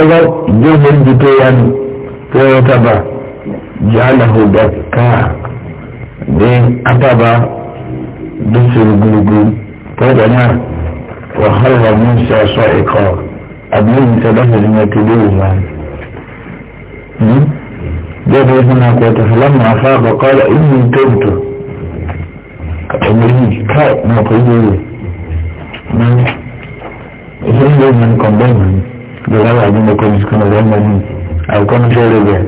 ọlọ́ ìjọba ń dúpẹ́ ya ni pé ọ tábà jàǹdàhùn dàkà ní àtàbà dùsùn gbùgbù pọ̀jọ́ náà wàhálà mú sọ̀sọ̀ ẹ̀kọ́ àbúrò sọ̀dọ̀sọ̀ ní ẹ̀kẹ́lẹ́ hmm? ìwà. Jẹ́bi ìfún akọ̀tà fúlámù afáàbọ̀ kọ́lá ìlú tóòtò àtọ̀mọ̀lì ká mọ̀kọ́ yóò rẹ̀. Ìfún ìlú ìmọ̀ nǹkan bẹ́ẹ̀ mọ̀ lọ́wọ́ wà nínú kọ́ni kọ́ni lọ́wọ́ mọ́ ní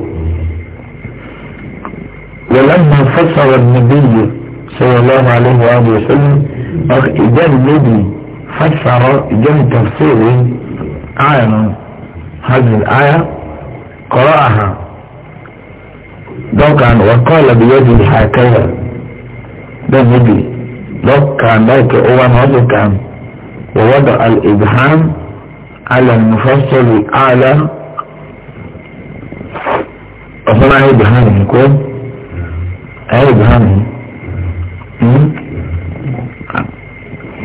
ولما فسر النبي صلى الله عليه وآله وسلم إذا النبي فسر جم تفسير عام هذه الآية قرأها كان وقال بيده هكذا ده النبي كان ذلك هو كان ووضع الإبهام على المفصل أعلى أصلا عيب هاني يكون عيب هاني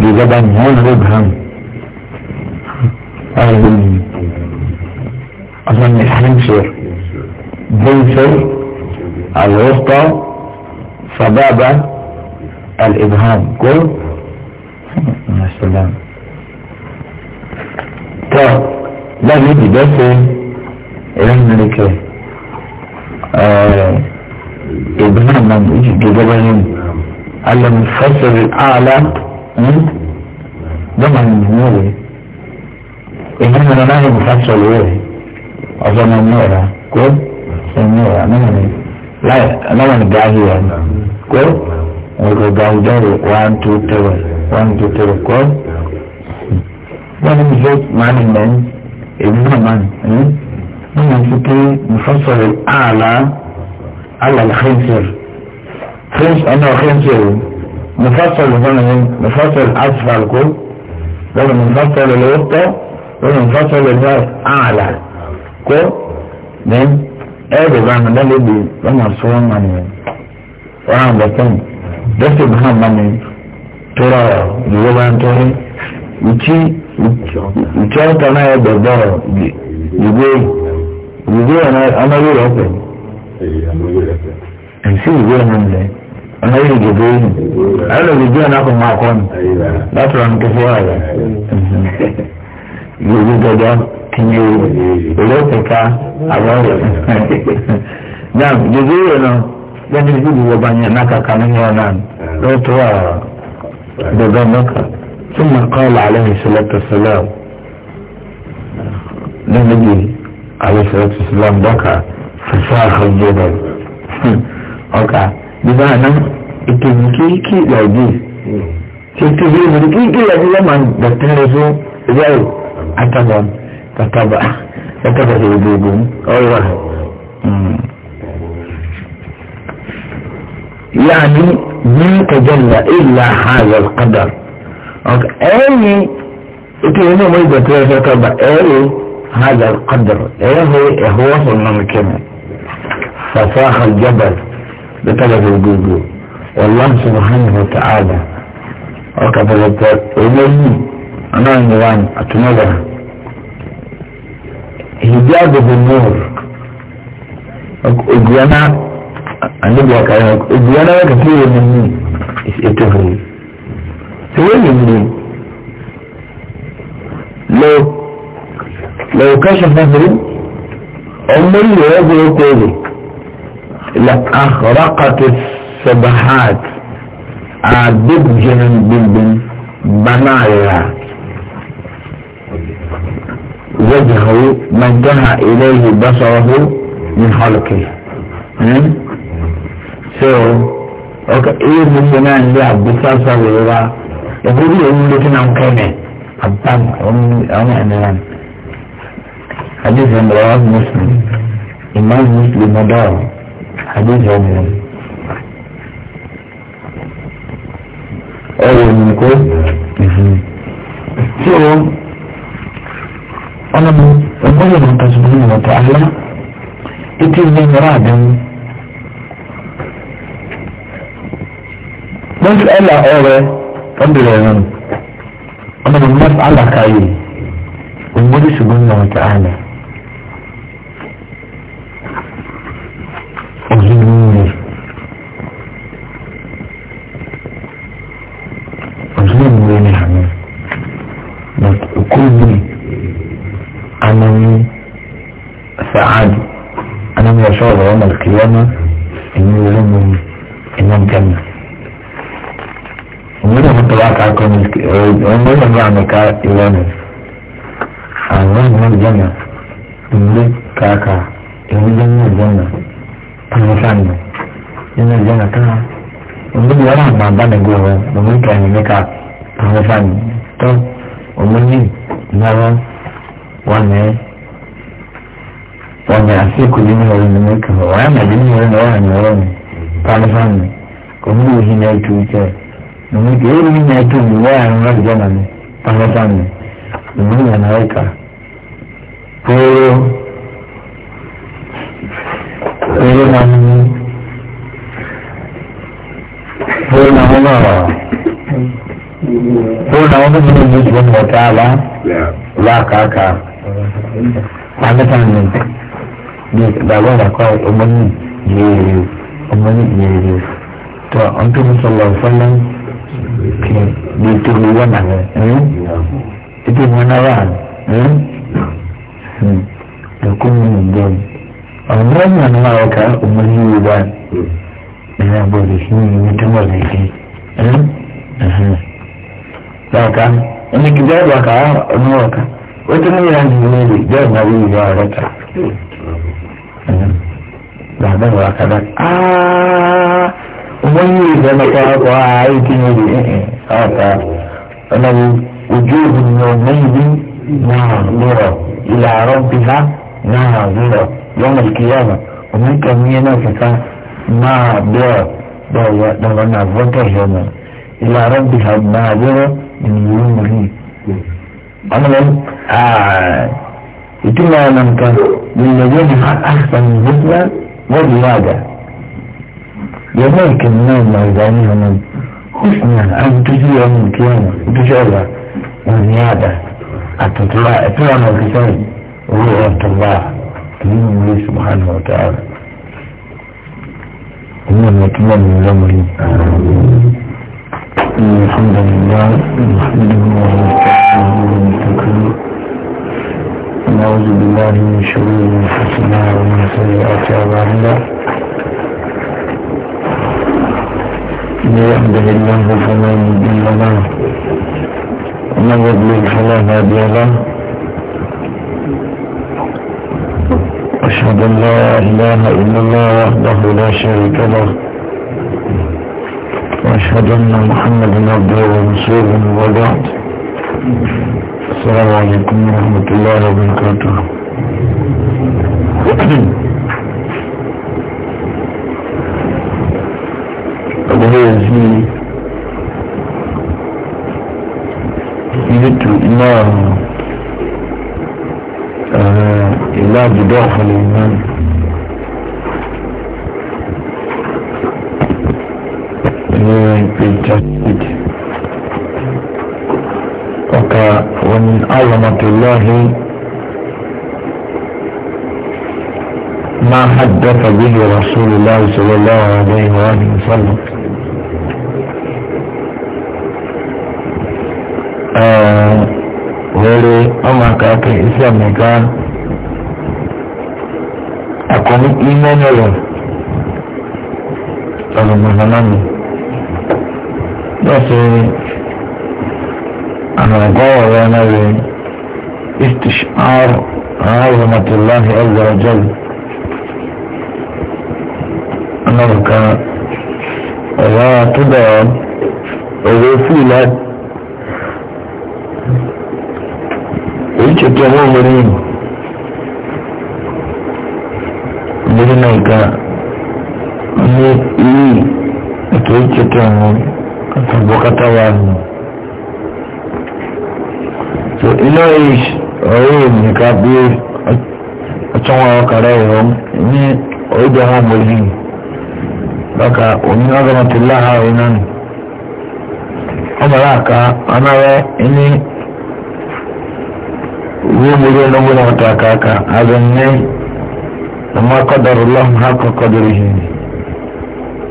دي طبعا هون عيب هاني عيب أصلا الحنشر بنشر الوسطى سبابة الإبهام كل مع نعم، السلامة tọ́ lẹ́nu ìdìbò ṣe ìrìnàlẹ́kẹ̀ ìgbìmọ̀ náà ìdìbò gbọ́dọ̀ nínú alẹ́nu fẹ́sẹ̀rì àlá dọ́mà nínú rẹ̀ èyí nínú náà yóò fẹ́sẹ̀rì rẹ̀ ọ̀sọ̀ náà ní ọ̀rá kó ẹ̀mí ọ̀rá náà ní láì aláwọ̀ ní gáàhì rẹ̀ kó ọ̀gọ̀gà ìjọ́rò one two three one two three kó wọ́n ní health management èyí náà máa ń wọ́n máa hmm? ń fi pé mufasọ̀rọ̀ àlá àlàlà hẹ́ńtìrì french ọ̀nà hẹ́ńtìrì mufasọ̀rọ̀ wọ́n ní mufasọ̀rọ̀ asfal kó wọ́n ní mufasọ̀rọ̀ lọ́tọ̀ wọ́n ní mufasọ̀rọ̀ lọ́tọ̀ àlà kó then ẹ̀rọ bá mi lọ́lẹ́ bi wọ́n máa sọ wọ́n máa nìyẹn wọ́n á bọ̀ tán dókítà muhammad tóra ìwé bá ń tọ́lé ìtì ìtura ọ̀tọ̀ náà yẹ gbẹ̀gbẹ́ ọ̀ gbígbé gbígbé ọ̀nàwé rẹ̀ pẹ̀. ẹ̀sìn ìwé ọ̀nà rẹ̀ ọ̀nàwé rẹ̀ gbẹ̀gbẹ́ yìí ayọ̀lọ̀ gbígbé ọ̀nà kò máa kọ́ ni láti rán kẹfẹ́ wà rẹ̀. gbígbé gbẹ̀gbẹ́ kìíní ìlú pẹ̀ka àwọn rẹ̀. náà gbígbé rẹ̀ náà lẹ́nu ìdílé ìwọ̀ba yẹn náà kàkà nínú ọ̀nà lọ́tọ̀ àgbẹ̀gbẹ́ mẹ́ka. ثم قال عليه الصلاة والسلام النبي عليه الصلاة والسلام بكى فساخ الجبل بكى بمعنى التنكيكي لعجيز تنكيكي لعجيز لما بتنرسو زي أتبا أتبا أتبا يجيبون أولا أيوة. يعني من تجلى إلا هذا القدر أي إتينا ميزة ثلاثة طبعا أي هذا القدر أي هو هو النمكنة فصاح الجبل بطلب الجوجو والله سبحانه وتعالى وكفلت إليه أنا نوان أتمنى حجابه النور أجوانا النبي قال أجوانا كثير مني إتفري منين لو لو كشف نظري عمري يوازي وكوزي لأخرقت السبحات عدد جنن بلبن بنايا وجهه ما انتهى إليه بصره من خلقه so okay even the man there besides all the ɛburo bi yɛ wɔn lɛ tena nkae mɛ abam wɔn wɔn ɛnɛnam hadith ɛmɛ wɔn muslim imam muslim ɔdɔɔ hadith ɛmɛ wɔn ɛyɛ wɔn ko tí o ɔnà mu ɛgbɛyɛ wɔn kasubiri wɔn tɛ ala eti ne nyɔrɔ adan. مسألة أولى قبل أنا من الناس على كعيب والمولي سبحانه وتعالى أجلوني أجلوني وين حمام بس أكوني أنا من سعادة يوم القيامة milki onların yani ni. ilanı anlar mı cana indi kaka indi mi cana tanısan mı indi cana ta indi bir yalan mı bana göre bunun kendine ka tanısan mı to onların nara wane wane asiku dini oranı mı kama wane dini oranı oranı oranı tanısan mı onların hinayi tuğutu domin da yau min tu tuni waya na wani jana ne a rasa ne domin ya na aika koro koro na mu koro na mu ba koro na ni, ba ne jiban wata ba ba ka ka a rasa ne da ba da kawai umarni ne umarni ne to an tuni sallallahu alaihi wasallam di tubuh eh? mana eh? hmm? itu mana wan hmm? hmm. dokun menjam orang mana mau ka umur yuban ina boleh sini ini tu boleh sini hmm? uh-huh. Bahkan, ini kita bakal, ini bakal. wata hanyar hanyoyi da na wuyi ya rata ba da ba kadan ọmọ yìí ìfẹ́ lọ́kọ́ ọkọ̀ ààrẹ kí ni ìdí ọ̀tá ọ̀nà ojú òhun ní ọ̀nà ìdí náà lérò ìlà àárọ̀ bí ha náà lérò lọ́mọ ìkìyàwó ọmọ ìkàwé yẹn náà fẹ́ká náà lérò dọ̀wọ́ dọ̀wọ́ náà vọ́tẹ̀ ìhẹ́mọ̀ ìlà àárọ̀ bí ha náà lérò ìnìyàn mọ̀lì. ọmọ lẹ́yìn ìtumọ̀ ọ̀nà nǹkan ìlẹ̀ yẹn ni لذلك النوم العيداني هم حسنا أن تجي يوم القيامة بجولة والنيابة التطلع إطلام الكتاب وروح الله تلين لي سبحانه وتعالى إنما يتمم من أمري الحمد لله نحمده ونستعينه ونستغفره ونعوذ بالله من شرور أنفسنا ومن سيئات أعمالنا من يهده الله فلا مضل له ومن يضلل فلا هادي له أشهد أن لا إله إلا الله وحده لا شريك له وأشهد أن محمدا عبده ورسوله وبعد السلام عليكم ورحمة الله وبركاته da ya yanzu يجد إمام آه، إلا بضعف الإيمان ومن عظمة الله ما حدث به رسول الله صلى الله عليه وآله وسلم Eh, were ọmọ aka aka isi ọmịga akọni ime n'ụlọ ọlọmọdé nánà lọsẹ ànàgọ ọrọ náà استشعار عظمة الله عز وجل أنك ولا تدعو وذو cikin wuri birnin ga ne yi da ke cikin wuri a tabbata wani so ina yi ọ̀rẹ́ mi ká bí ọ̀tọ́wọ́ ọkàrà ẹ̀rọ ní orílẹ̀ àwọn mọ̀lì báka òní ọgọ́mọ̀tì láhàá iná ni ọmọláàká anáwẹ́ ní هو مليون أول وتاكاكا هذا النبي لما قدر الله حق قدره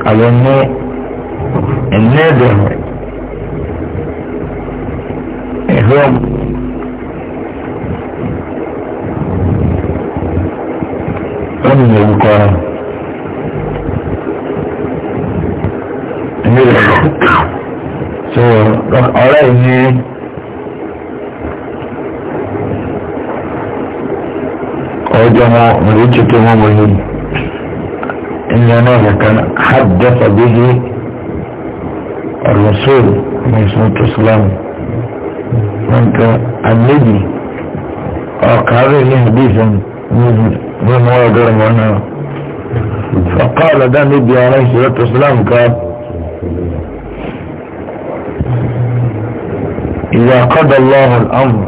هذا النبي النادر هو إمام الهند إن كان حدث به الرسول عليه الصلاة والسلام وانت النبي وقال لي حديثا من مواجر وانا فقال ده النبي عليه الصلاة والسلام قال إذا قضى الله الأمر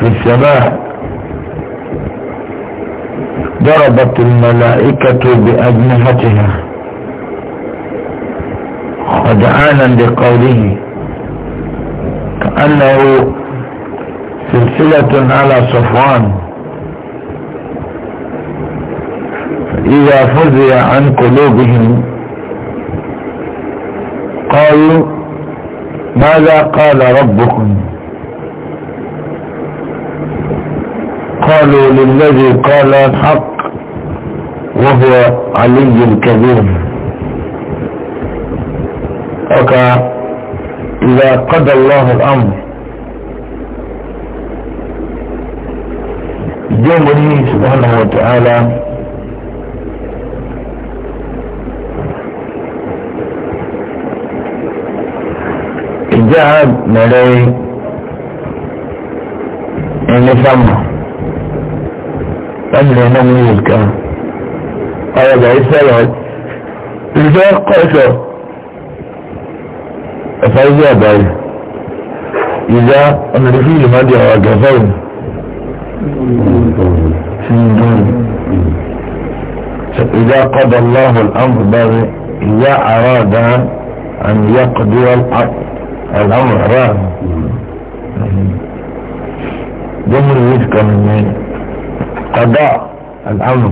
في السماء ضربت الملائكة بأجنحتها خدعانا لقوله كأنه سلسلة على صفوان إذا فزع عن قلوبهم قالوا ماذا قال ربكم قالوا للذي قال الحق وهو علي الكبير وكا إذا قضى الله الأمر جمعه سبحانه وتعالى جاء ملي إن سمع أمر نميزك هذا السلام إذا قسى فإذا بي إذا أنا في المدية وقفين إذا قضى الله الأمر بي إذا أراد أن يقضي الأمر راه دمر يذكر مني قضاء الأمر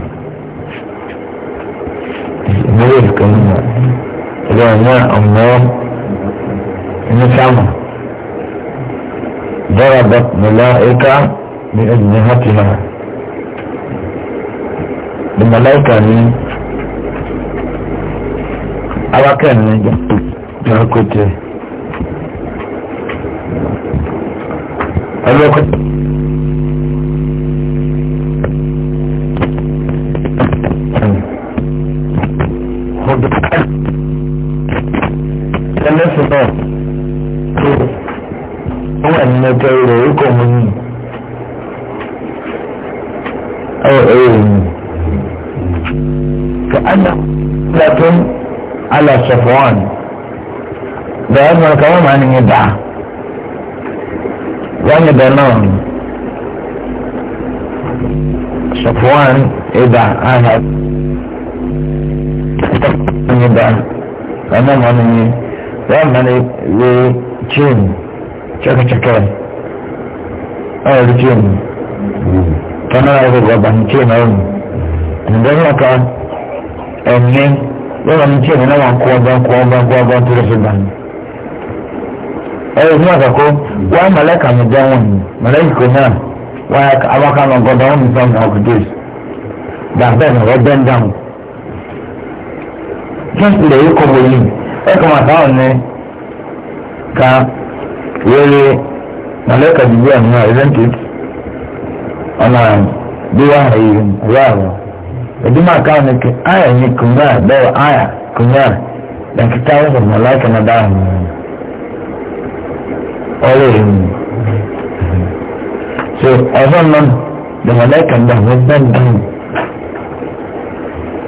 ìmọ̀lẹ́ ìkan mọ̀ ìlú ọ̀nà ọ̀nà ní sáàmù dọ́rọ̀ bọ́ mọ̀lá ẹ̀ka ní ẹ̀jìnlẹ̀ hàtì náà ní mọ̀láìkà ní alákẹ́ni ní jọ́kọ̀tẹ̀ ọlọ́kọ̀tẹ̀. bùkátà ẹlẹ́sìn náà tó wọ́n wà nínú ẹgbẹ́ rẹ̀ orúkọ mu ní كأنه لكن على صفوان ده أجمل كمان عن يدعى وأنا بنام صفوان يدعى أهل ni dan kana mana ni ya mana we chin chaka chaka ah chin kana ya ga ban chin au ndio haka enne wewe ni chin na wa kwa ba kwa ba kwa ba tu rasiban eh ni akako wa malaika mi dan malaika na wa awaka na godan mi sam na kudus dan ben rodan dan just le yi kɔbɔ yi ɛkɔ ma ta ɔnɛ ka wele malɛka bibi ɛmu na isn't it ɔna bi wa ha yi wa ha ɛdi e ma ka ɔnɛ ke aya yi kunya bɛwɔ aya kunya na kita wɔsɔ malɛka na da ɔnɛ ɔlɛ yi so ɔsɔ nnɔm de malɛka da ɔnɛ bɛn dan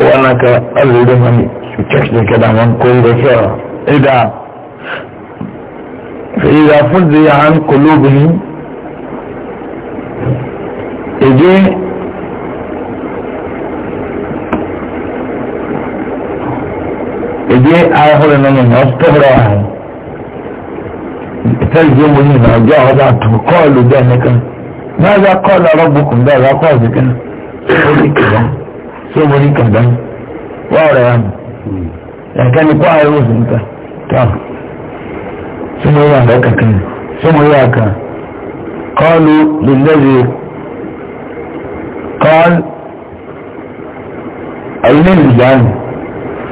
wɔn aka ɔlɛ yi de ma ìkẹ́kẹ́ kẹ́dà wọn kó lọ sọ̀rọ̀ ìdá ìdá fún ti à ń kó lóbìnrin èdè èdè ahọ́rẹ́ nínú ní ọ̀tọ́rọ̀ ààrùn ìtẹ́jú mo ní ìgbà ọjọ́ ọ̀dà tó kọ́ọ̀lù bẹ́ẹ̀ nìkan náà bá kọ́ọ̀lù arọ́gbùkún bẹ́ẹ̀ bá kọ́ọ̀lù kan ó ní kìlọ́ sí mo ní kàdán wọ́ọ̀rẹ́ àmì kaka ni kwa yau zunta ta sun yi wa kaka sun yi wa ka qalu lillazi qal ayyana lillahi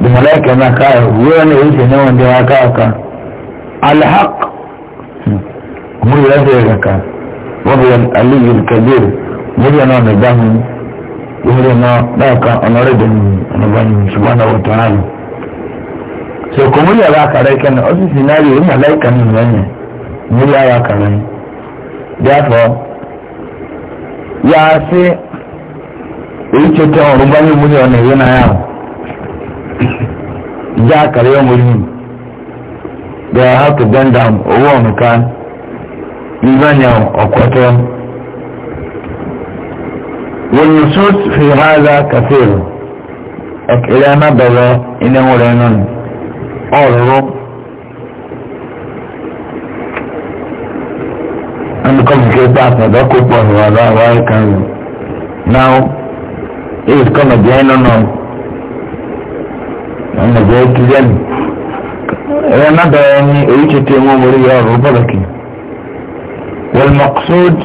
da malaika na kaya wuya ne yake na wanda ya ka aka alhaq mun ya da kaka wabiyan aliyu kabir muryan wani damu muryan na daka honorable anabani subhanahu wa ta'ala so kò múlẹ̀ wá kàrẹ́ kẹ́nà ó sì sì náà rí ìmọ̀ láìka ní ìmọ̀nyẹ̀ múlẹ̀ wá kàrẹ́ yìí díàfọ́ yàá sí èyí tó tẹ ọ̀rùn bá ní múlẹ̀ ọ̀nà ìwé náà yà wọ́n ìjà kàrẹ́ ọmọ yìí they are how to owó ọ̀nà ká ìgbànyà ọ̀kọ́tọ́ wọ́n yóò sọ́ọ̀tì fi hàn án lá kàfíìrì ẹ̀kẹ́rẹ́ anábẹ̀rẹ̀ ilé wọn rẹ̀ náà. قال امام نعم. إيه نعم. انا قلت كيف بعثنا ده كبر ولا واي كان ناو ايه كما جينا نوم انا جاي كجان ايه ندى يعني ايه تتيمو مريا ربالك والمقصود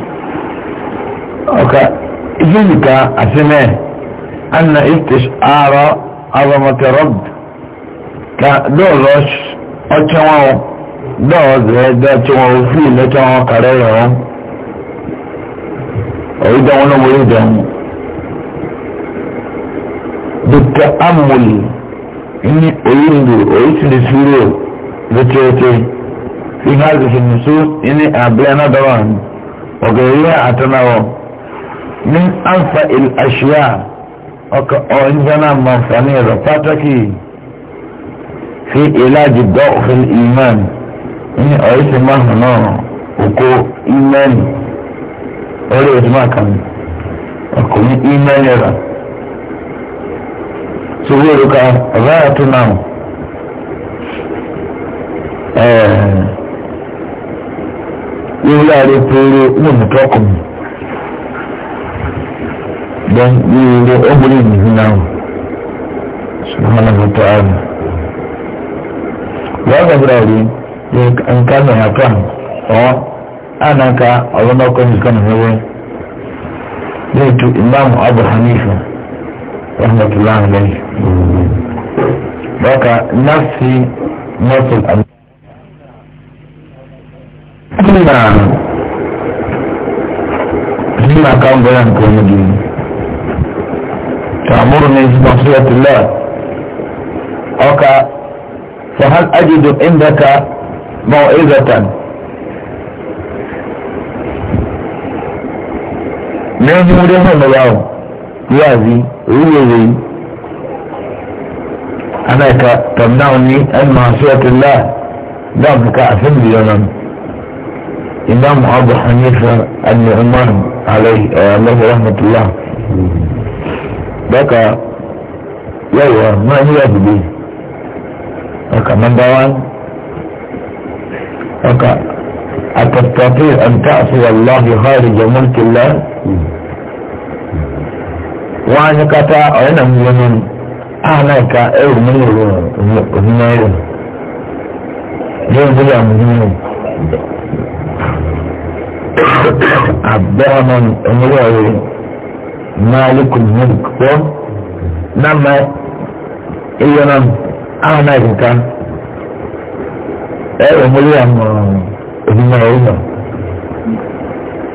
اوكا اذنك اثناء ان استشعار عظمة رب ka dɔɔlɔ ɔkyɛn wɔn dɔɔ zɛɛ dɛkyɛ wɔn ofiri lɛkyɛ wɔn kare yɛ wɔn oyi dɛm wɔn wɔyi dɛm bita amuli ni oyi ndu oyi siri siri o lɛkyɛkyɛ fi ha zisi nisu ni abirɛ na dɔrɔ ani ɔgɛyɛ atana wɔ anfa il ashiya ɔka na manfani yɛ pataki fi ìlàjì dọ́ọ̀fin iman ní ọ̀rísìí márùn náà òkú iman orí oṣù máa kàn ọkùnrin iman yẹra sórí òrùka ọ̀gáyà tó náà ìwúlẹ̀ rẹ̀ péré ní ìmùtọ́kùnrin don ìwúlẹ̀ obìnrin nìyí náà subhanahu wa ta'ala wọ́n gbàgbọ́dọ̀ rí nǹkan ní àpá ọ́ ànáka ọlọ́mọkọ́ nìkan nìyẹwẹ́ ní ètò imam abu hanifa rahmatulah alayhi bọ́ka nafsi nafsi alayhi. Sima kan bayan kuma gini. Ta'amuru ne zuwa Allah. Oka فهل أجد عندك موعظة من يمدهم أن يازي ويزي أنك تمنعني عن معصية الله دمك أفن بيونم إمام أبو حنيفة النعمان عليه آه، الله رحمة الله بكى يوه ما هي بديه أكا من دوان أكا أتستطيع أن تعصي الله خارج ملك الله وأنا كتا أنا من أنا كأو من المؤمنين يوم بلا مؤمنين abdaman emirawe malikul mulk ko nama iyanan Ah, àwọn náà nìkan ẹ ò múlẹ̀ àmọ́ ìdúmọ̀ ẹ̀rọ náà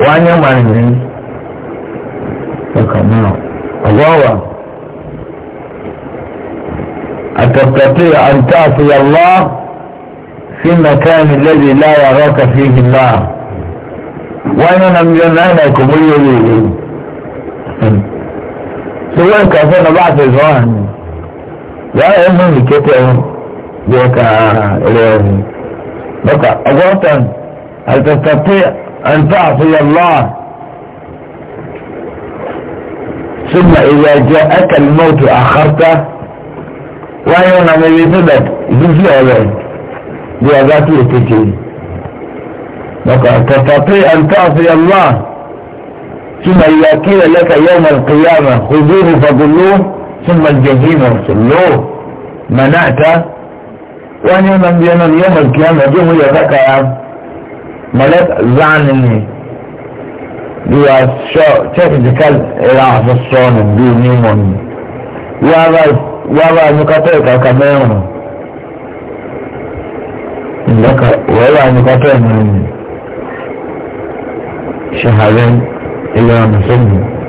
wọ́n á yẹ wọn ní ọkàn náà ọ̀gọ́ wa àtọ̀tọ̀tì àǹtá àti yàrá sí mẹ́kánì lẹ́bi láyà rọ́ọ̀kà sí ìgbà wọ́n yẹ wọn mílíọ̀nù náà náà kò múlẹ̀ òye yìí. sọ wọn kà fún ọ bá àtẹ̀sọ́ ya yi mun riketa yin zai ka rayuwa baka a gwatan altattafi an ta'afi Allah ثم إذا جاءك الموت أخرته وأيون ما يثبت يجي عليه بأذات يتجي لقد تستطيع أن تعصي الله ثم إذا قيل لك يوم القيامة خذوه فضلوه ثم الجهين وصلوه منعت وانا من بينا اليوم الكيامة جهو يا بكا يا ملك زعنني دي شو شو تكال إيه الى عصصون دي نيمون يابا يابا نكتوك كمان لك ولا نكتوك من شهرين الى مسلم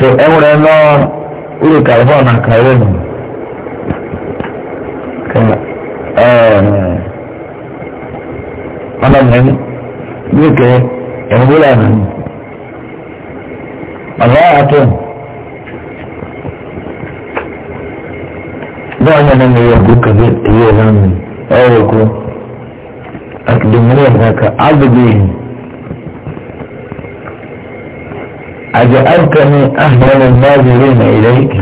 so enwere nọ uru karbon na karbon ka ọnọ mmemme nwoke enwere na ọnọ atọ ní ọnyá náà mi yẹ kó kàbí èyí ẹ̀ náà mi ẹ̀ wọ̀ kó àkìdùnmí ẹ̀ náà ká àgbègbè yìí. أجعلتني أهون الناظرين إليك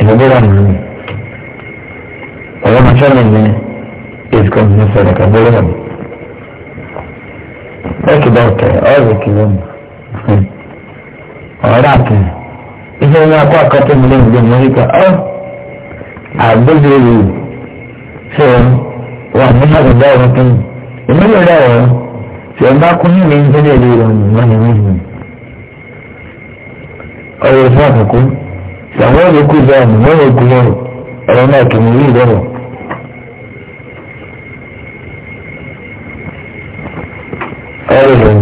ìgbàgbọ́ra mi ọ̀rọ̀ mọ̀ṣálẹ̀ ní ìsìkò ní sọ̀rọ̀ kàgbọ́ra mi lẹ́kì bá ọ̀tẹ̀ ọ̀rọ̀ kìlọ̀ mi ọ̀rọ̀ àti iṣẹ́ ní akọ́ àkọ́tọ̀ mi lẹ́yìn ìgbẹ́ mọ́ríkà ọ́ àgbẹ̀dẹ̀ rẹ̀ ṣe wà ní àgbẹ̀dẹ̀ ọ̀rọ̀ tó ń ìmọ̀lẹ̀ rẹ̀ ọ̀rọ̀ ọ̀dàkùnrin mi ń tẹ́lẹ̀ lé ìrọ̀lù mọ́nìmọ́nì ọ̀rọ̀ ìfọ̀ àkókò ṣàwọn olùkú ìdáàmú mọ́nà ogun lọ́rọ̀ ọ̀rọ̀ náà kì í rí ìdọ́rọ̀. ọ̀rọ̀ ìrọ̀lù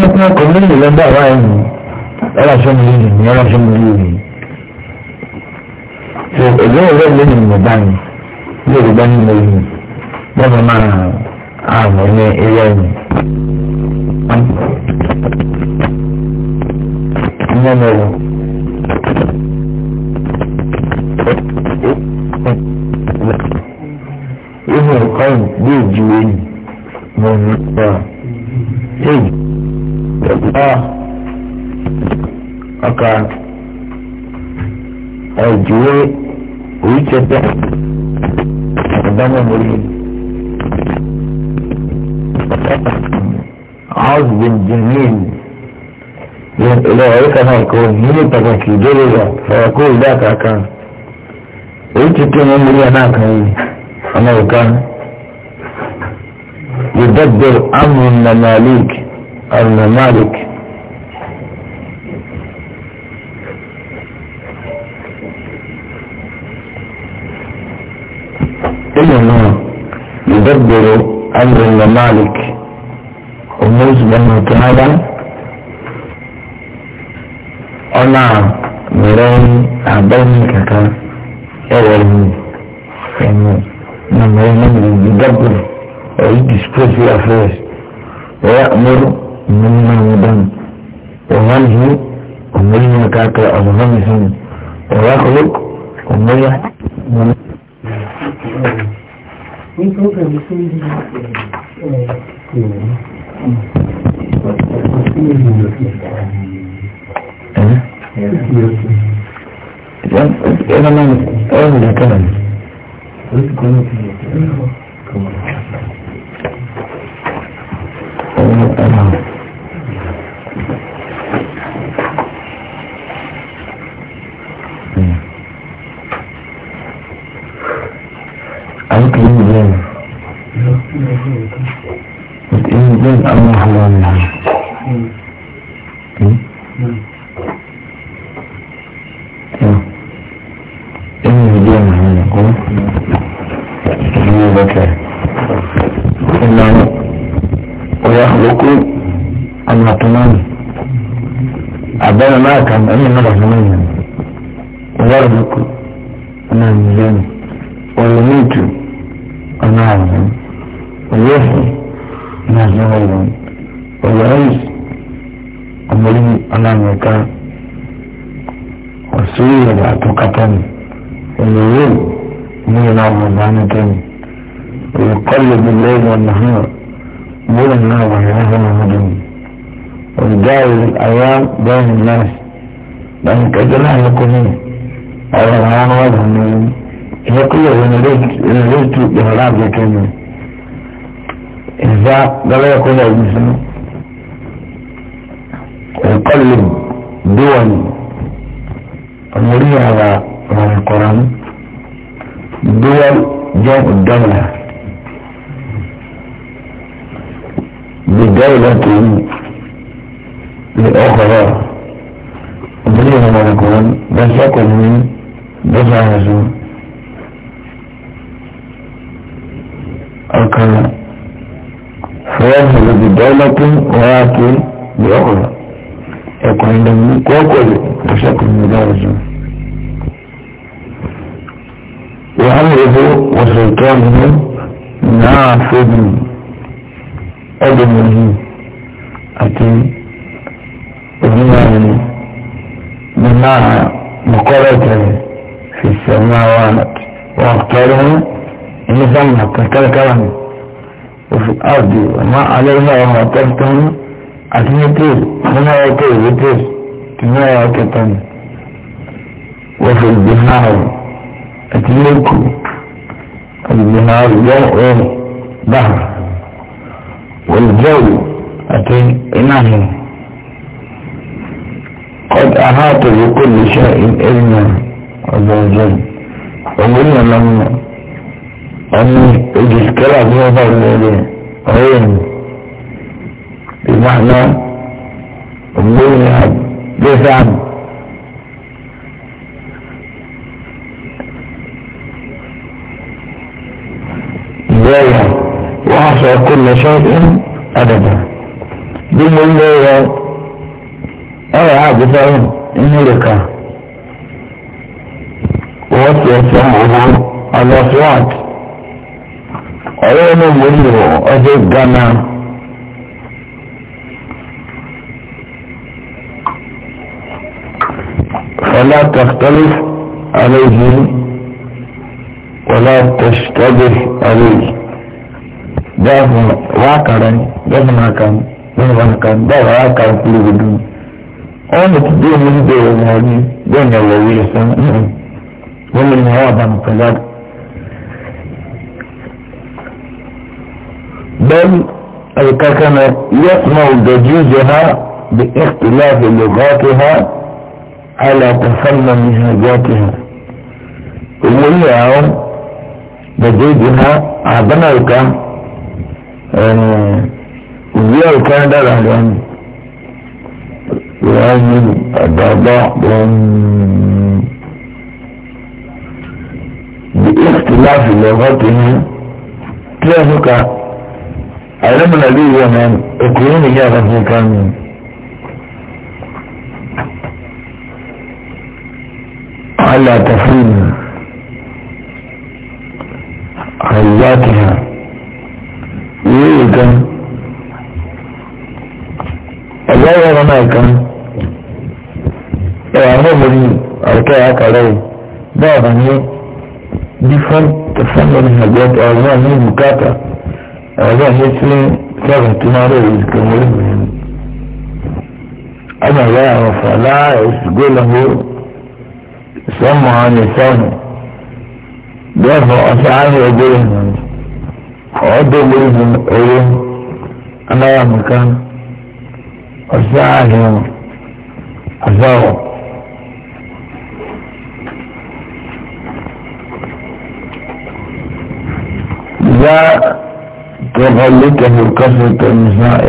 mú kí wọn kọ mílíọnù lọ́dọ̀ àwọn ẹ̀yìn ọlọ́sọ mílíọnù ní ọlọ́sọ mílíọnù ṣe èdè ọ̀rẹ́ mílíọnù ní ọba ni ilé ìdìbò ní mílíọnù bọ́ọ̀mù máa àmọ̀ ní ilé ẹ̀yìn. Nyɛ mɛlɛ. وعليك فيكون من تبكي جلدا فيقول ذاك كان ويتكلم من لي هناك أنا كان يدبر أمر المماليك الممالك إنه يدبر أمر الممالك ومزمن تعالى ọ̀nà mìíràn àbẹ́ni kankan ẹ̀rọ ẹ̀mí ẹ̀mí na mìíràn náà mìíràn bí dọ́gbìn ẹ̀yí disposal affairs ẹ̀yà ọmọdún mìíràn náà wọ́n dánù ọ̀hán yìí ọmọdún náà káàkiri ọ̀hán mi sọ́nù ọ̀hán kọ́lọ́ ọmọdún náà. Ní program tó ń bí ẹ̀ẹ́dẹ̀ẹ́dẹ̀ ọ̀hún sí ìlú ìlú ìlú ìlú. Era mano, era mulher, caralho. Aí que ele vem. Ele vem a minha rua mesmo. ẹni ìdí ọ̀nà àwọn ẹ̀kọ́ ìdí ìbẹ̀kẹ̀ ìlànà ọ̀yà àlòkù àmàtúmánì àbẹ́rẹ̀ náà kàn ẹ̀mí náà bàtúmánì. ọjọ́ náà yẹ kó nínú ọ̀rọ̀ àwọn ọmọ ọ̀gbọ̀n ní ìyẹn kó yẹ wọn lè tu ìyẹn láàbù kẹ́mi ìfá lọ́wọ́ yẹ kó yẹ wọn sínú ẹ̀kọ́ lè bí wọn ọmọ orí ara ọ̀rọ̀ kọ̀ọ̀rọ̀ mú bí wọn jẹ́ ọ̀dọ́mọ̀lá. بدولة لأخرى ìdílé ìrànwọ́ ọkùnrin bẹ́sẹ̀ kò ní bẹ́sẹ̀ àrùsùn ọkàn fẹ́ẹ́sì lòdì dọ́lọ́pù ọ̀háàkì bí ọkùnrin ẹ̀kọ́ ìdàmú kọ́kọ́lù bẹ́sẹ̀ kò ní bẹ́sẹ̀ àrùsùn. وأمره وسلطانه نافذ أدمه أتي أدمانه بمعنى مقالة في السماوات وأقطارها النظام كان كلام وفي الأرض وما عليها وما تحتها أتمتر هنا يكي يتر تنا يكتن وفي البحار أتملك البحار جمع بحر والجو أتي إنانه قد أحاط بكل شيء علما عز وجل ومن لما أن يجي الكلام يظهر العلم بمعنى بنيان بفهم بداية وحصل كل شيء أبدا بالمنزل ọ̀rọ̀ àgùdá inú rẹ̀ kan wọ́n ti ẹ̀sẹ̀ àwọn ọlọ́síwájú ọ̀rọ̀ inú wòlíì gánà. فلا تختلف عليه ولا تشتبه عليه ده واقعا ده مكان ده مكان ده واقع كل بدون ọ̀nà tí bí omi ń gbé ọmọ ọdún bẹ́ẹ̀ ni ọ̀wọ̀ wíyẹ fún wọn lè ní àwọn àbámu pẹ̀lú àbọ̀. bẹ́ẹ̀ni àyíkákan náà yẹ́sùmọ̀ òdòdó jẹ ha bí ẹ̀kúlá àbẹ̀lẹ̀ gọ́ọ̀tì ha àlàkùnfàmà ní ha gọ́ọ̀tì ha. owó yẹ àwọn dòdó jẹ ha àbánáyíká òwúrọ̀ ìkáńdà rà lọ́nà. شعيب ضباب باختلاف لغتهم تعرفك علم النبي ومن اكرم يا رفيقا على تفهيم حياتها ويجا الله يرماك ẹwà ahọ́bọ̀nì àwùkẹ́ àkàrà yìí bẹ́ẹ̀ bá ní different different money habit ní bukata ọ̀rọ̀ ní tí sẹ́fún tí máa rẹ̀ yìí kò mọ́lẹ̀ mi. ọmọ ìyá àwọn fàlà ìṣùgbọ́ lọ́wọ́ sọ́mọ àni sọ́mọ bẹ́ẹ̀ bọ́ ọ̀sán àyè ọgbẹ́rẹ́ nìyẹn ọ̀ọ́dọ̀ gbẹ́rẹ́ nìyẹn owó anáyàmùká ọ̀sán إذا تغلقه كثرة النساء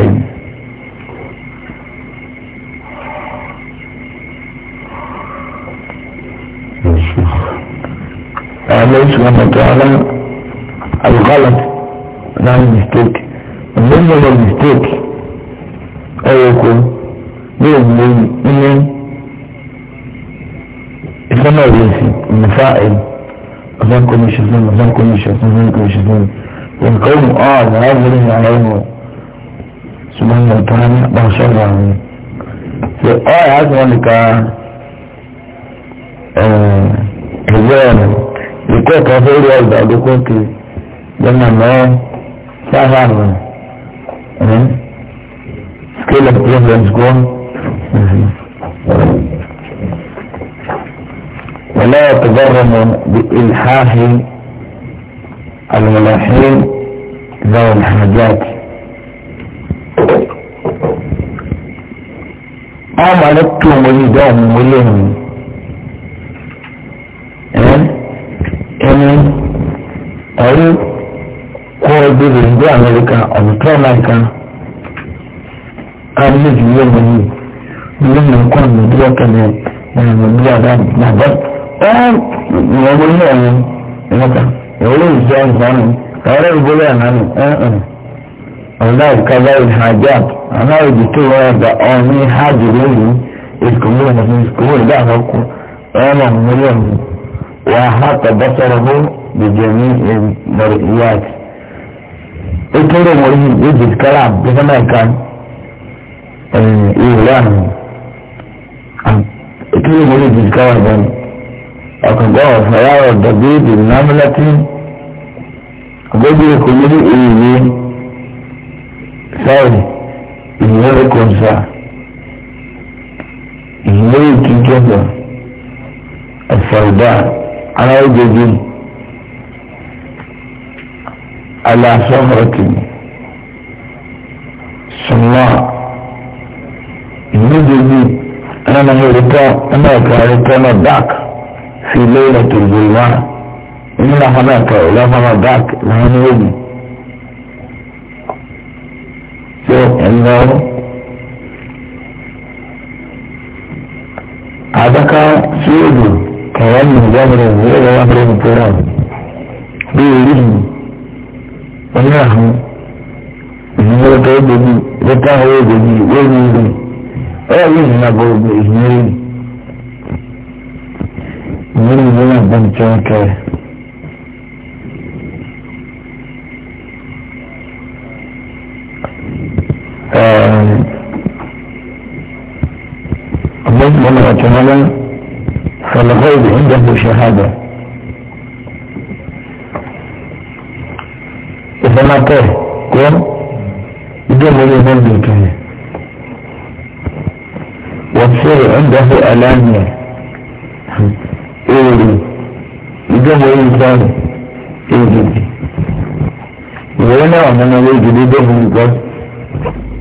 أليس كما وتعالى الغلط نعم من النظر للمستيك أيكم بإذن من إسلام الرئيسي المفاعل أذنكم يشتون أذنكم يشتون أذنكم يشتون القوم اه ده هذا عليهم سبحان الله تعالى بشر عليه اه عايز آه، آه، اقول لك ااا هزار يكون كافر ولا يكون كي لما ما سافر سكيل اوف بريفرنس جون ولا تبرم بإلحاح الملاحين ذوي الحاجات أما لكتو مريدهم ملهم ẹni ọ̀rí kọ́ ìbéèrè ìdí amẹ́ríkà ọ̀dùtọ́ amẹ́ríkà káàdìlẹ́jì yóò mọ̀ yìí nínú nǹkan ìdí ọ̀kẹ́lẹ̀ ẹ̀rọ ìdí àdá nàbọ̀ ẹ̀ ẹ̀ ìwọ̀n ní ọ̀run ìwọ̀n kan ẹ̀rọ ìjọ ìgbọ́nù ẹ̀rọ ìgbọ́lẹ̀ ànánù ẹ̀hún ọ̀dà ìkàbá ìhàjáb anáwòjì tó wọ́n ẹ̀dà ọ̀ní hajj lóyún ìkòwò ìkòwò ìdá àkọ́kọ́ ẹ̀rọ mílíọ̀nù wà á hàtà bọ́sọ̀rọ̀ bó dìde ní ìmọ̀rẹ̀ ìyáàt ètòrò wọ̀nyí ìjì kálá bísọ́nà ìka ìwúrọ̀ àná ètòrò wọ̀nyí ìjì kálá bísọ́nà ọ̀kọ̀gọ́ ọ̀fọ̀yàwọ̀ dàbí ìdìnnàmúlẹ́tì gbogbo èkó ní ìyìnyí sọ́ọ̀rì ìyìnyí kò ń sà ìyìnyí kì í jẹ́jọ́ ẹ̀fọ̀dà aláwọ̀jẹ̀jì aláṣọ́mọ̀tì sùnmọ́ ìyìnyí jẹ́jì ẹ̀nà ìrètọ́ ẹ̀nà ìkàrẹ́tọ́ náà dáàkì. في ليلة الظلماء إن لحظات لا مرضات لا نوم شوف إنه عدك سيد كيان جبر غير وهر التراب بيرين ونحن ìyẹn tó dèbí lẹ́tà ó dèbí wọ́n yìí rí من هنا بنتك من لما اعتمد فالغيب عنده شهادة إذا ما كان كون يجمع لي من بيته وتصير عنده ألامية èrè ìjọba olùkọ́ni èrè ìwé náà wọn náà lè jù ìjọba olùkọ́ni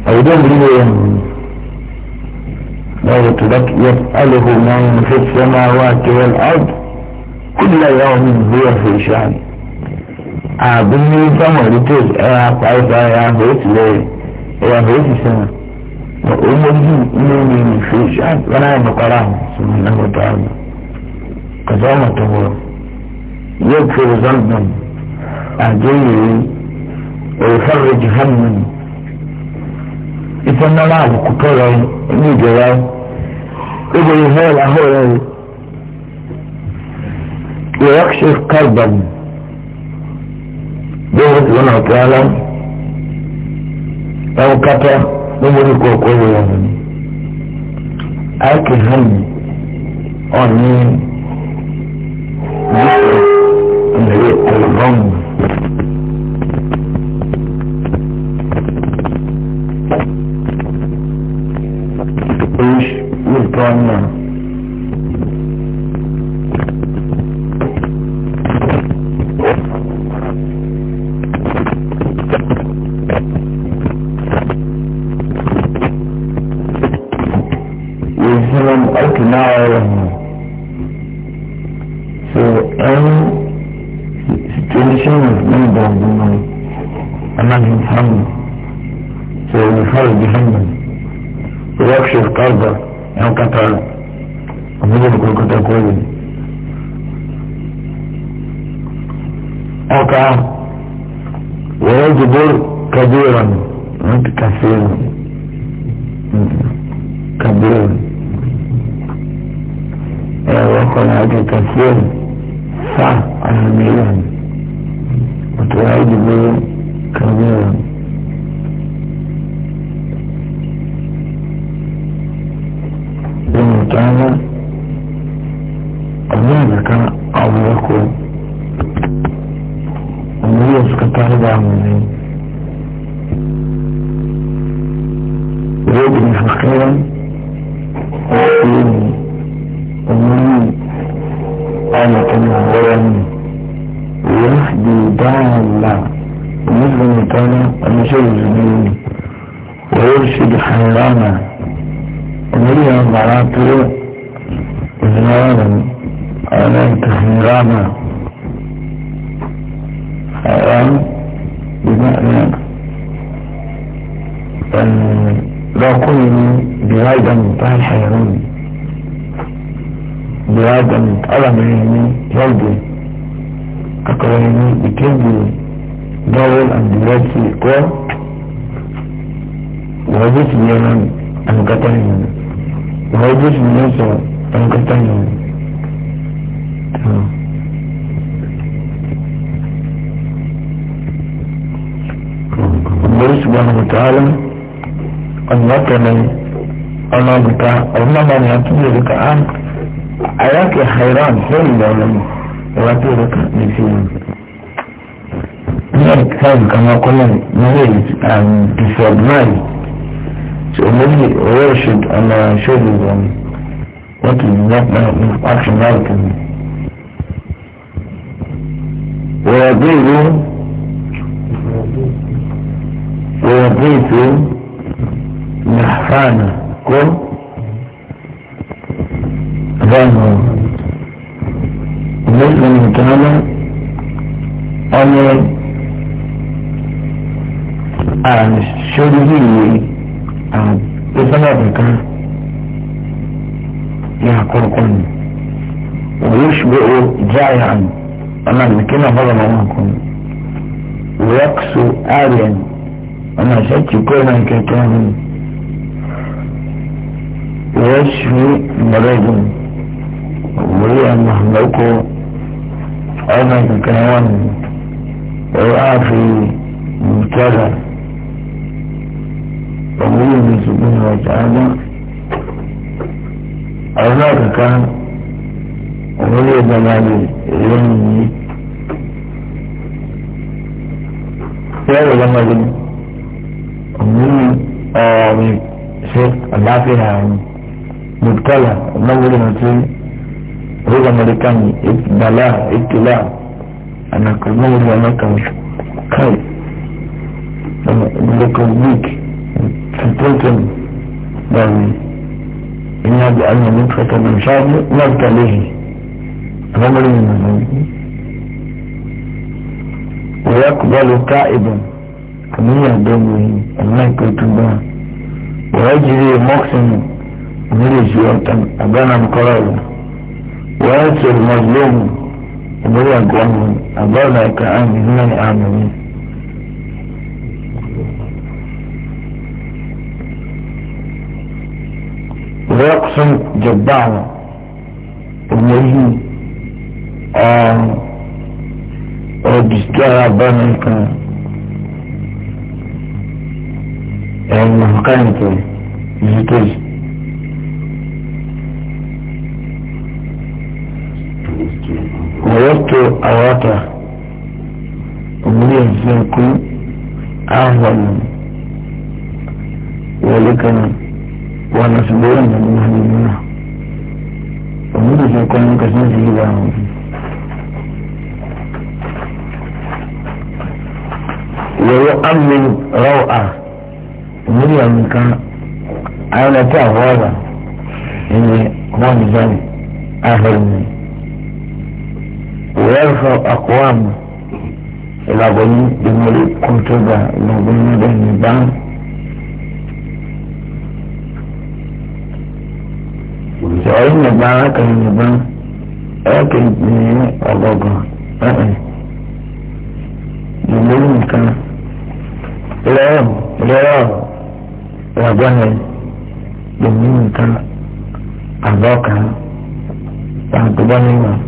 àwùjọ ìlú rẹ̀ lọ́wọ́ tó dákì yẹ alẹ́kọ̀ọ́ náà wọn fẹ́ fẹ́ máa wá kẹwẹ́ láàbù kúlẹ̀ yà wọn ìgbé ọ̀fẹ́ ìṣáàlì àbí ní sáwọn rítẹ̀ ẹ̀ apáyípa ẹ̀ àbẹ̀ òtìlẹ̀ ẹ̀ àbẹ̀ òtìsẹ́nà ọmọdé ní ìlú ìfẹ́ ìṣáàlì wọn náà yẹ قدامة الله يغفر ذنبا أجيه ويفرج هما إذا نلعب كتير نيجي إذا يهال أهول ويكشف قلبا بيرد لنا تعالى أو كتا نمرك وكل يوم أكل هم أنين ìbẹ̀rẹ̀ ọ̀rọ̀mù não está feio o cabelo. É o acolado que está feio, só a O toalho de meu cabelo. Eu a estava olhando aquela ao da cor. Não ia escapar da né? حقيرا وقيم أمين قال كما غيرني يهدي داعي الله ومثل تعالى ومشير زميلي ويرشد حيرانا ومريا مراته إذنانا أنا تحيرانا حيران بمعنى باقوني بغاية منتهى الحيران بغاية منتهى ألم عيني يلدي أقرأني بكلدي دول أن بلادي قوة وهدوث بيانا أنقطعين وهدوث بيانا أنقطعين الله سبحانه وتعالى ọ̀nàmọ́tò ní ọ̀nàmọ́ta ọ̀nàmọ́ ni àti ìlú ká án ayáàkì hairan lórí ìlọrin ìwádìí ìlú ká ní sí i. ní ẹ̀ka ìkànnì ọkọlẹ̀ nílé ìfọ̀dúnmáì tí olóyè owó ṣèd ọ̀nà ṣòlù wọn wọ́n ti yọ̀pọ̀ action náà tó ní. wọ́n yà bí ìlú wọ́n yà bí ìlú. نحفانا كل ظنه ليس من كان أنا عن أنا عن يا يعقلكم ويشبع جائعا أمام كنا فضل منكم ويقسو آليا أنا شك كل من كتابه ويشفي مرض وهي مهلكه أنا كيوان ويعافي مبتلى من سبحانه وتعالى أنا كان وهي دلالي يومي يا لما قلت أمي أمي شيخ الله فيها أمي mutkola nanguli nati huza marekani bala itila anakananguli anakan كاي mozambique سنتين دولي يعني أن نطفة من شعب نبتليه رملي من ذنبه ويقبل تائبا كمية دمه الملك تبا ويجري مقسم ميليشي وطن أبانا مقرارا وآسر مظلوم أبانا قوانهم أبانا كأن من الآمنين ويقسم جبعنا وميه آه وجزتها أبانا كأن يعني مهقانته جزتها ويبتو أواتا ومليه زنكو أعظم ولكن ونسبوين من مهدمنا ومليه زنكو مكسنة جدا ويؤمن روعة ومليه منك أنا تعوضا يعني هو نظام آخر مني ويرفع أقوام إلى بني بمولي كنتوبة إلى بني بني بان سألين نبان كان نبان أكل بني أبوغا أه بمولي كان إلى يوم إلى يوم إلى بني بمولي كان أبوغا أبوغا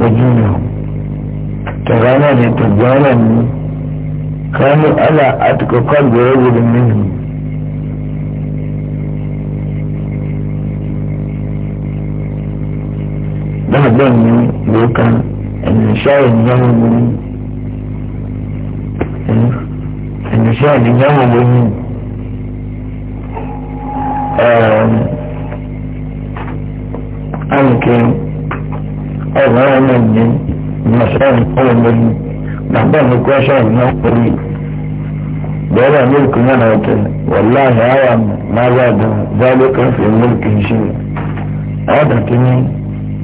بجنه تغانا لتجارا كانوا ألا أتك قلب رجل منهم بعدين لو كان النشاء اليوم النشاء اليوم أمكن عظاما من مصان قوم نحضر كوشا نقري ده ملك من والله أعلم ما زاد ذلك في الملك شيء هذا كني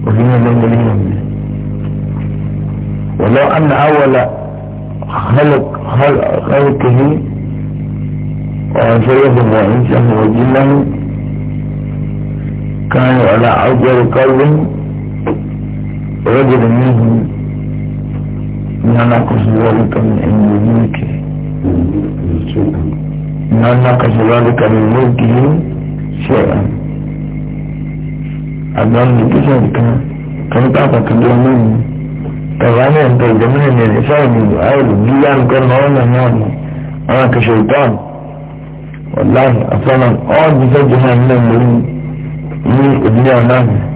وفينا من اليوم ولو أن أول خلق خلق خلقه وعشرة وإنسان وجنه كان على أجر قوم رجل منهم نناقش ذلك من عند ملكه نناقش ذلك من ملكه شيئا أبان لكذلك كم تعطى تدومين تغاني أنت الجميع النساء من أول بيان كرنا وانا نعم أنا كشيطان والله أصلا أعد بسجها من المريد من ابنها نعم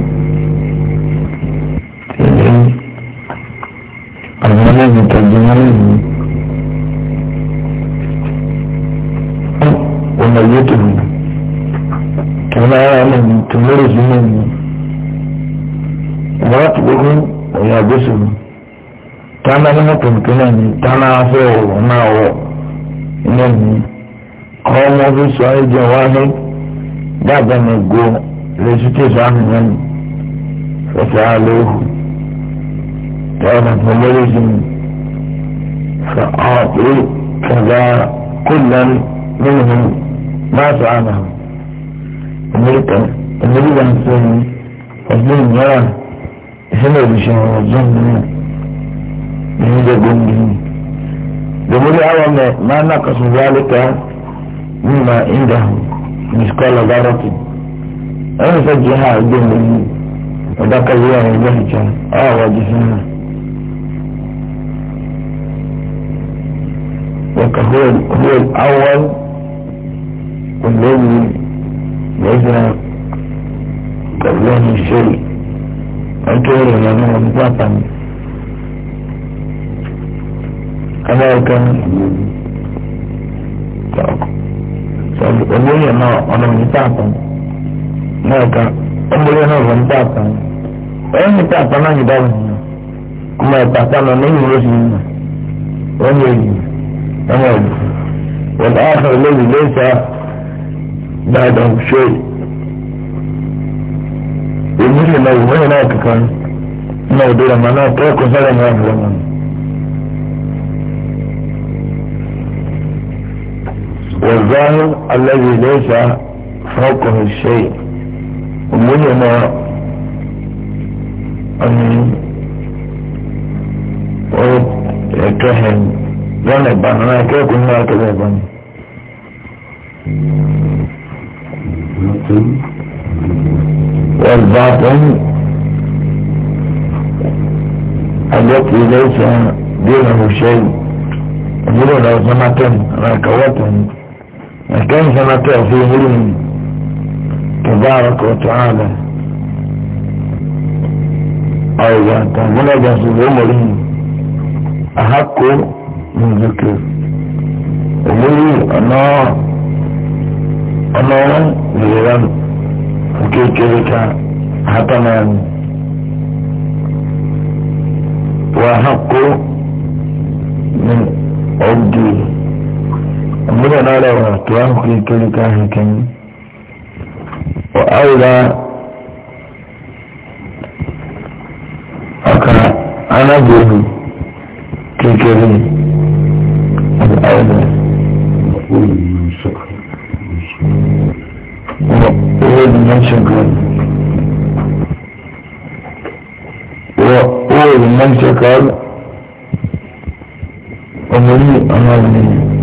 sáńdà nínú kìnkìn náà ní tánà fẹ́ òwò náà wọ̀ ilé mi kọ́ ọmọ fi sọ ẹ̀jẹ̀ wáyé dàgbà ní go lè lẹ́sí tí sọ àmì yẹn fẹsẹ̀ àlóhù na fún lórí sí mi fẹ́ ọ̀pẹ́ kẹ̀dá kúlẹ̀ nínú má sọ àná ìmúlùkọ́ ìmúlùkọ́ ní sọ yìí ọ̀gbìn ìyára ìṣẹ̀lẹ̀ òbí ṣe ọ̀rọ̀ jẹ́ mi náà. ni da gumbi jumhuri hawa mai mana kasu zalika mimma inda miskola garati an sa jiha gumbi wadda ka zuwa ne da hita a waje suna waka huwa al'awwal kullum yasa قبلهم الشيء أنتوا لنا نوم باطن amẹ́ríkà olóyè náà ọ̀nà nípa àpá amẹ́ríkà olóyè náà ọ̀nà nípa àpá ẹ̀yìn nípa àpá náà yìí dáhùn yìí ọmọ ẹ̀ka àpá náà ní ìwúrọ̀ sí yìí wọ́n yẹ yìí ọmọ ẹ̀dùn wọ́n á fẹ́ lórí lẹ́sà dáadáa ṣe èmi lè lọ ìwọ́n yẹn náà kankan náà òdòdó àmọ́ náà tó ẹ̀kọ́ sẹ́lẹ̀ náà fún wọn. والظاهر الذي ليس فوقه الشيء ومنهم أن ويكهن ذنبا أنا كيف ما كذبا والباطن التي ليس دينه شيء يقولون سمعتم أنا لكن كما تعفيهم تبارك وتعالى أيضا تعمل جاسد عمره أحق من ذكر عمره أنا أنا ليران وكي كذلك حتما وأحق من عبده muna na rawa tuwa hukuri kiri ka hakan wa aula aka ana gobe kekere da aula wani nan shakar wani nan shakar umarni a mawani